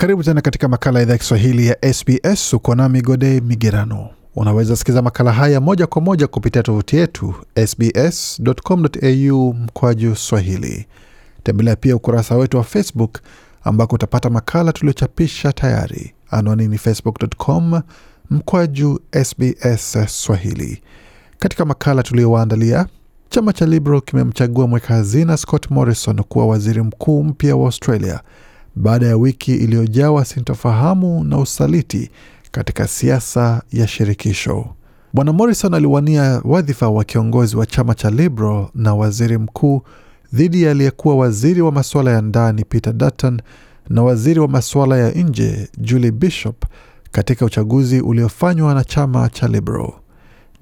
Karibu tena katika makala ya idhaa ya Kiswahili ya SBS. Uko nami Gode Migerano. Unaweza sikiza makala haya moja kwa moja kupitia tovuti yetu sbs.com.au mkwaju swahili. Tembelea pia ukurasa wetu wa Facebook ambako utapata makala tuliochapisha tayari. Anwani ni facebook.com mkwaju sbs swahili. Katika makala tuliyowaandalia, chama cha Liberal kimemchagua mweka hazina Scott Morrison kuwa waziri mkuu mpya wa Australia baada ya wiki iliyojawa sintofahamu na usaliti katika siasa ya shirikisho. Bwana Morrison aliwania wadhifa wa kiongozi wa chama cha Liberal na waziri mkuu dhidi ya aliyekuwa waziri wa masuala ya ndani Peter Dutton na waziri wa masuala ya nje Julie Bishop katika uchaguzi uliofanywa na chama cha Liberal.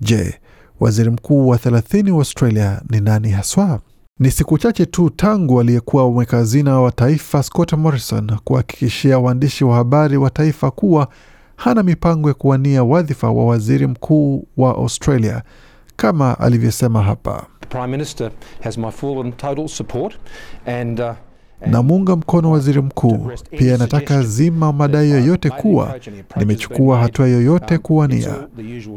Je, waziri mkuu wa 30 wa Australia ni nani haswa? Ni siku chache tu tangu aliyekuwa mweka hazina wa taifa Scott Morrison kuhakikishia waandishi wa habari wa taifa kuwa hana mipango ya kuwania wadhifa wa waziri mkuu wa Australia kama alivyosema hapa. Prime Minister has my full and total support and, uh... Namuunga mkono waziri mkuu. Pia nataka zima madai uh, yoyote kuwa nimechukua hatua yoyote kuwania.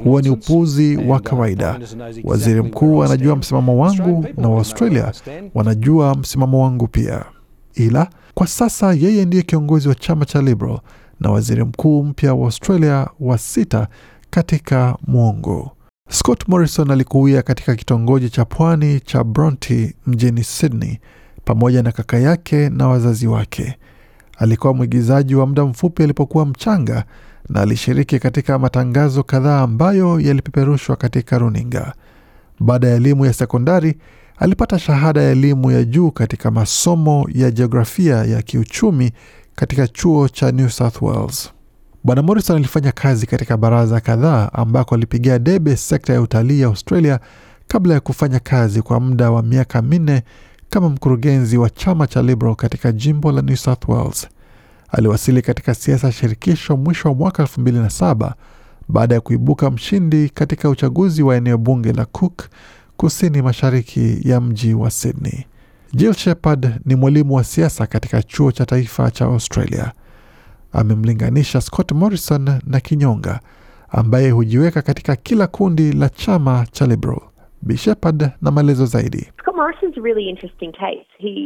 Huo ni upuzi wa uh, kawaida. Waziri mkuu anajua msimamo wangu na Waaustralia wanajua msimamo wangu pia, ila kwa sasa yeye ndiye kiongozi wa chama cha Liberal na waziri mkuu mpya wa Australia wa sita katika mwongo. Scott Morrison alikuwia katika kitongoji cha pwani cha Bronte mjini Sydney pamoja na kaka yake na wazazi wake. Alikuwa mwigizaji wa muda mfupi alipokuwa mchanga na alishiriki katika matangazo kadhaa ambayo yalipeperushwa katika runinga. Baada ya elimu ya sekondari, alipata shahada ya elimu ya juu katika masomo ya jiografia ya kiuchumi katika chuo cha New South Wales. Bwana Morrison alifanya kazi katika baraza kadhaa ambako alipigia debe sekta ya utalii ya Australia kabla ya kufanya kazi kwa muda wa miaka minne kama mkurugenzi wa chama cha Liberal katika jimbo la New South Wales. Aliwasili katika siasa ya shirikisho mwisho wa mwaka 2007 baada ya kuibuka mshindi katika uchaguzi wa eneo bunge la Cook kusini mashariki ya mji wa Sydney. Jill Shepard ni mwalimu wa siasa katika chuo cha taifa cha Australia. Amemlinganisha Scott Morrison na kinyonga ambaye hujiweka katika kila kundi la chama cha Liberal. Bi Shepard na maelezo zaidi.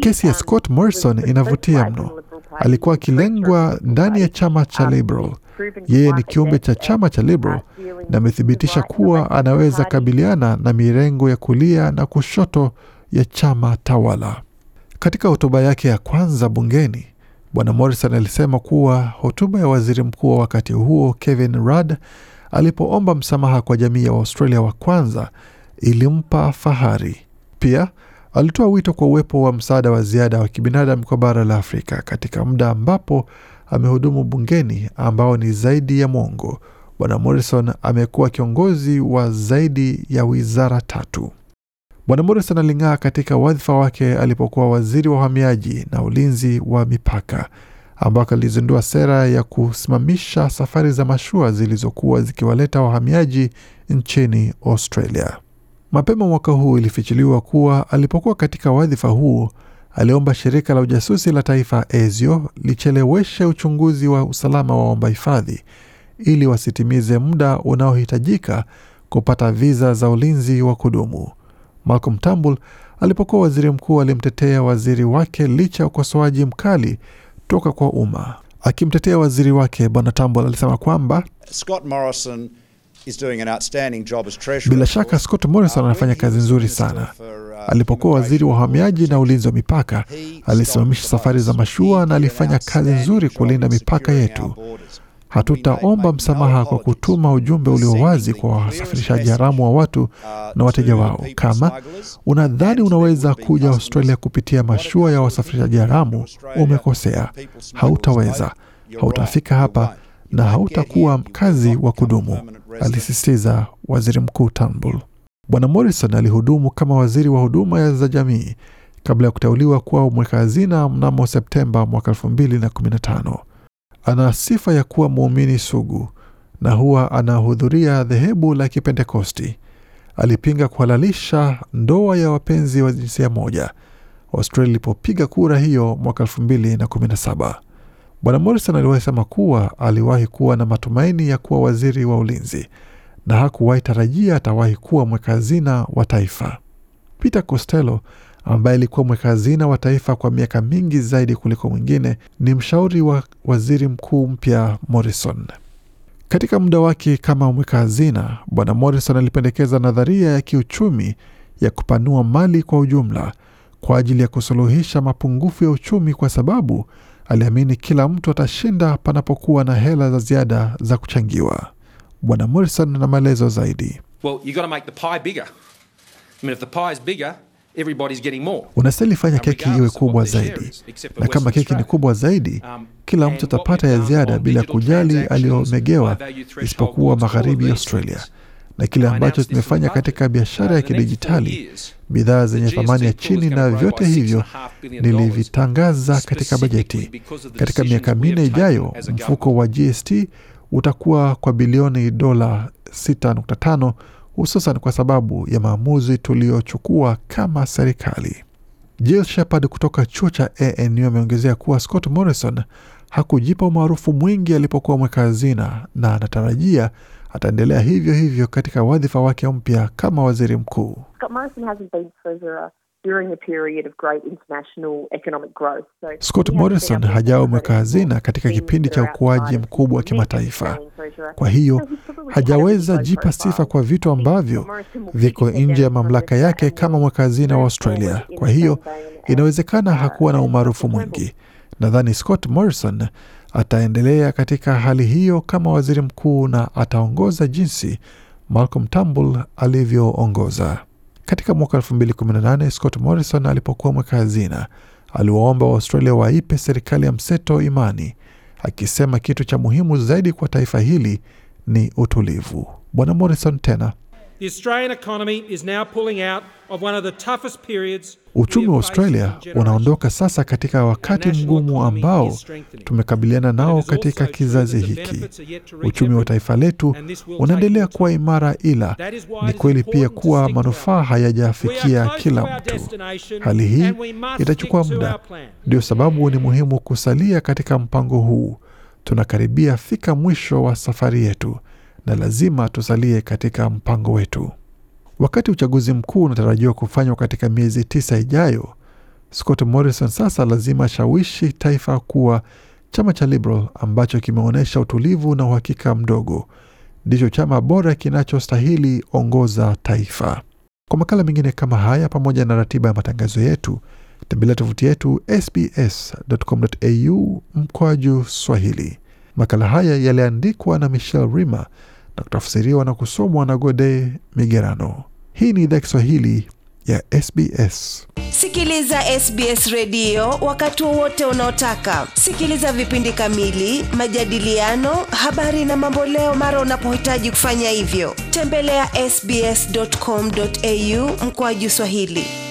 kesi ya um, Scott Morrison inavutia mno. Alikuwa akilengwa ndani ya chama cha um, Liberal. Yeye ni kiumbe cha chama cha Liberal na amethibitisha kuwa anaweza kabiliana na mirengo ya kulia na kushoto ya chama tawala. Katika hotuba yake ya kwanza bungeni, Bwana Morrison alisema kuwa hotuba ya waziri mkuu wa wakati huo Kevin Rudd alipoomba msamaha kwa jamii ya Waustralia wa kwanza ilimpa fahari. Pia alitoa wito kwa uwepo wa msaada wa ziada wa kibinadamu kwa bara la Afrika katika muda ambapo amehudumu bungeni ambao ni zaidi ya mwongo. Bwana Morrison amekuwa kiongozi wa zaidi ya wizara tatu. Bwana Morrison aling'aa katika wadhifa wake alipokuwa waziri wa uhamiaji na ulinzi wa mipaka, ambako alizindua sera ya kusimamisha safari za mashua zilizokuwa zikiwaleta wahamiaji nchini Australia. Mapema mwaka huu ilifichuliwa kuwa alipokuwa katika wadhifa huo aliomba shirika la ujasusi la taifa EZIO licheleweshe uchunguzi wa usalama wa waomba hifadhi ili wasitimize muda unaohitajika kupata viza za ulinzi wa kudumu. Malcolm Turnbull alipokuwa waziri mkuu alimtetea waziri wake licha ya ukosoaji mkali toka kwa umma. Akimtetea waziri wake, bwana Turnbull alisema kwamba Scott Morrison bila shaka Scott Morrison anafanya kazi nzuri sana. Uh, Alipokuwa waziri wa uhamiaji na ulinzi wa mipaka, alisimamisha safari za mashua na alifanya kazi nzuri kulinda mipaka yetu. Hatutaomba msamaha kwa kutuma ujumbe ulio wazi kwa wasafirishaji haramu wa watu uh, na wateja wao. Kama unadhani unaweza kuja Australia kupitia mashua ya wasafirishaji haramu, umekosea. Hautaweza, hautafika hapa na hautakuwa mkazi wa kudumu alisisitiza waziri mkuu Turnbull. Bwana Morrison alihudumu kama waziri wa huduma za jamii kabla ya kuteuliwa kuwa mweka hazina mnamo Septemba mwaka 2015. Ana sifa ya kuwa muumini sugu na huwa anahudhuria dhehebu la Kipentekosti. Alipinga kuhalalisha ndoa ya wapenzi wa jinsia moja Australia ilipopiga kura hiyo mwaka 2017. Bwana Morrison aliwahi sema kuwa aliwahi kuwa na matumaini ya kuwa waziri wa ulinzi na hakuwahi tarajia atawahi kuwa mweka hazina wa taifa. Peter Costello ambaye alikuwa mweka hazina wa taifa kwa miaka mingi zaidi kuliko mwingine, ni mshauri wa waziri mkuu mpya Morrison. Katika muda wake kama mweka hazina, bwana Morrison alipendekeza nadharia ya kiuchumi ya kupanua mali kwa ujumla kwa ajili ya kusuluhisha mapungufu ya uchumi, kwa sababu aliamini kila mtu atashinda panapokuwa na hela za ziada za kuchangiwa. Bwana Morrison na maelezo zaidi. Well, unastahili fanya keki iwe kubwa zaidi, na kama keki ni kubwa zaidi, kila mtu atapata ya ziada bila kujali aliyomegewa, isipokuwa magharibi Australia na kile ambacho kimefanya katika biashara ya kidijitali, bidhaa zenye thamani ya chini, na vyote hivyo nilivitangaza katika bajeti. Katika miaka minne ijayo, mfuko wa GST utakuwa kwa bilioni dola 6.5 hususan kwa sababu ya maamuzi tuliyochukua kama serikali. Jill Shepard kutoka chuo cha ANU ameongezea kuwa Scott Morrison hakujipa umaarufu mwingi alipokuwa mweka hazina na anatarajia ataendelea hivyo hivyo katika wadhifa wake mpya kama waziri mkuu. Scott Morrison uh, hajawa mweka hazina katika kipindi cha ukuaji mkubwa wa kimataifa, kwa hiyo hajaweza jipa sifa kwa vitu ambavyo viko nje ya mamlaka yake kama mweka hazina wa Australia. Kwa hiyo inawezekana hakuwa na umaarufu mwingi. Nadhani Scott Morrison ataendelea katika hali hiyo kama waziri mkuu na ataongoza jinsi Malcolm Turnbull alivyoongoza. Katika mwaka 2018 Scott Morrison alipokuwa mweka hazina, aliwaomba Waaustralia waipe serikali ya mseto imani, akisema kitu cha muhimu zaidi kwa taifa hili ni utulivu. Bwana Morrison tena Uchumi wa Australia unaondoka sasa katika wakati mgumu ambao tumekabiliana nao katika kizazi hiki. Uchumi wa taifa letu unaendelea kuwa imara, ila ni kweli pia kuwa manufaa hayajafikia kila mtu. Hali hii itachukua muda, ndio sababu ni muhimu kusalia katika mpango huu. Tunakaribia fika mwisho wa safari yetu na lazima tusalie katika mpango wetu. Wakati uchaguzi mkuu unatarajiwa kufanywa katika miezi tisa ijayo, Scott Morrison sasa lazima shawishi taifa kuwa chama cha Liberal ambacho kimeonyesha utulivu na uhakika mdogo ndicho chama bora kinachostahili ongoza taifa. Kwa makala mengine kama haya, pamoja na ratiba ya matangazo yetu, tembelea tovuti yetu sbs.com.au mkoaju Swahili. Makala haya yaliandikwa na Michelle Rimer na kutafsiriwa na kusomwa na Gode Migerano. Hii ni idhaa Kiswahili ya SBS. Sikiliza SBS redio wakati wowote unaotaka. Sikiliza vipindi kamili, majadiliano, habari na mamboleo mara unapohitaji kufanya hivyo. Tembelea ya sbs.com.au mkoaji Swahili.